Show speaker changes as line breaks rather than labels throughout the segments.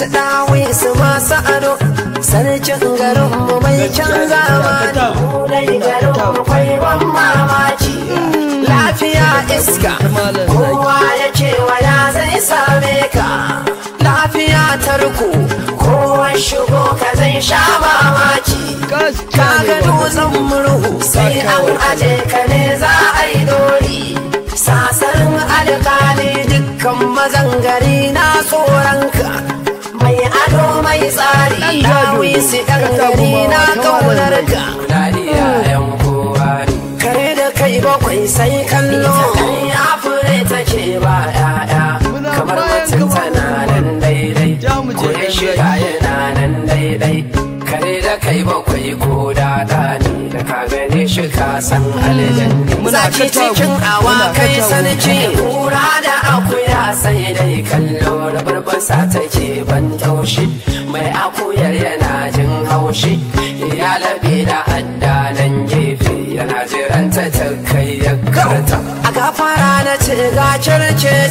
su dawe su masu ado sarkin garin mu mai can zamani mulai garin mu kwai mamaki lafiya iska kowa ya ce ya zai same ka lafiya tarko kowa shigo ka zai sha mamaki ka ga dutsen murhu sai an aje ka ne za a yi dori sasar alƙali dukkan mazan gari sai kallo ya fure take ba ya'ya kamar mutum tana nan daidai kuma shiga yana nan daidai kare da kai bakwai ko da ɗani da ka gane shi ka san aljan zaki cikin awa kai sarki kura da akuya sai dai kallo da barbasa take ban taushi mai akuyar yana jin haushi ya labe da na ce ga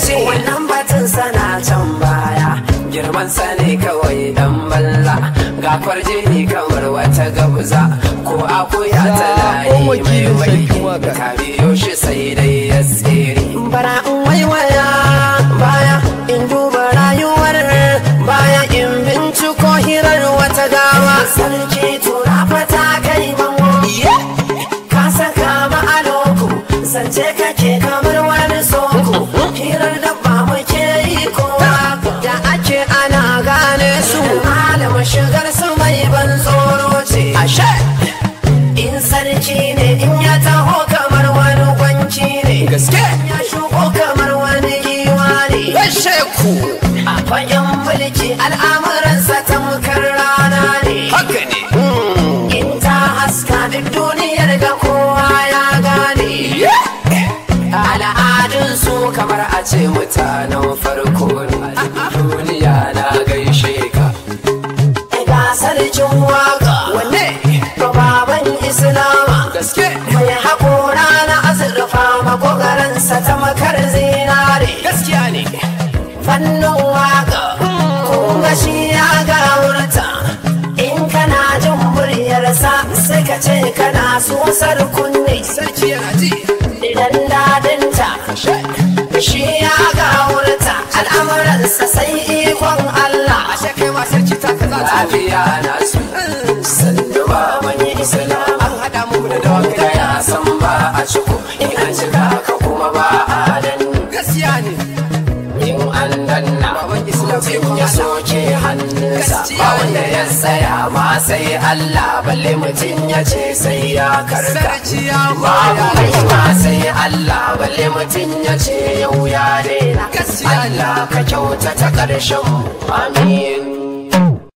ce wannan batun sana can baya girman sa ne kawai dan balla gafar jini kamar wata gabza ko akuya tana yi mai wai ka biyo shi sai dai ya tsere bara in waiwaya baya in duba rayuwar baya in binciko hirar wata gawa sarki tura fata kai bango ka saka a ma'aloku zance kake kamar wani ma muke yi kowa da ake ana gane su malama shigar sa mai ban tsoro ce ashe in sarki ne in ya taho kamar wani kwanci ne gaske ya shuko kamar wani giwa ne ku a fagen mulki al'amari duniya na gaishe ka gasar cin waka wanne ga baban islama gaske mai hakora na azurfa makogaransa ta makar zinare gaskiya ne fannin waka kuma ya ga wurta in kana jin muryarsa sai ka ce kana so sarkunne sarki yana ji idan dadinta shi ya gawurta al'amuransa sai ikon Allah a shekai wasar cita ka za ta lafiya na su mm. sannu ba mani islam an haɗa mu da dawa an mutum ya soke hannunsa ba wanda ya tsaya ma sai Allah balle mutum ya ce sai ya karka babu mai ma sai Allah balle mutum ya ce yau ya daina Allah ka kyautata ta ƙarshen amin